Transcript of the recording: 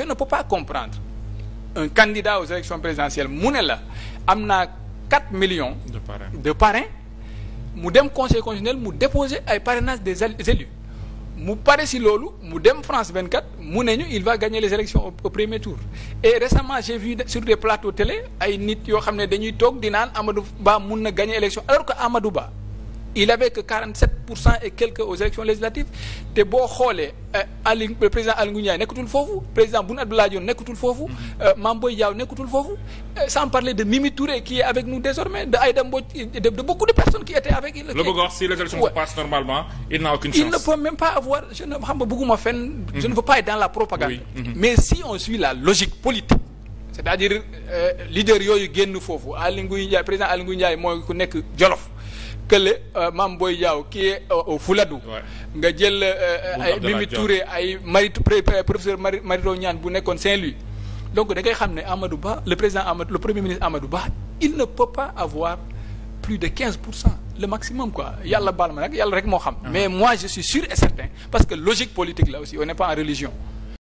je ne peux pas comprendre un candidat aux élections présidentielles mu ne la am na 4 millions de parrains de mu dem conseil constitutionnel mu déposer ay parrainage des élus mu pare si loolu mu dem France 24 mu ne ñu il va gagner les élections au premier tour et récemment j'ai vu sur des plateaux télé ay nit yoo xam ne dañuy toog di naan Amadou Ba mun na gagner élection alors que Amadou il avait que 47 pour cent et quelques aux élections législatives te boo xoolee euh, ali euh, président Aly Ngouille Ndiaye nekkatul foofu président Boun Abdallah Dionne nekkatul foofu mm-hmm. euh, Mame Boye Diao nekkatul foofu sans parler de Mimi Touré qui est avec nous désormais de Aïda Mbodj de, de beaucoup de personnes qui étaient avec il le bëgg wax normalement il n'a aucune chance il ne peut même pas avoir je ne xam nga bëgguma je ne mm-hmm. veux pas être dans la propagande oui. mm -hmm. mais yooyu génn foofu Aly Ngouille Ndiaye président Aly Ngouille Ndiaye mooy ku nekk Jolof kële euh, Mame booy Diao qui est euh, au Fouladou nga jël euh, ay Mimi Touré ay mari professeur Mary Mary Teuw Niane bu nekkoon Saint-Louis donc da ngay xam ne Amadou Ba le président Amadou le premier ministre Amadou Ba il ne peut pas avoir plus de quinze pour cent le maximum quoi yàlla baal ma nag yàlla rek moo xam ah. mais moi je suis sûr et certain parce que logique politique là aussi on n'est pas en religion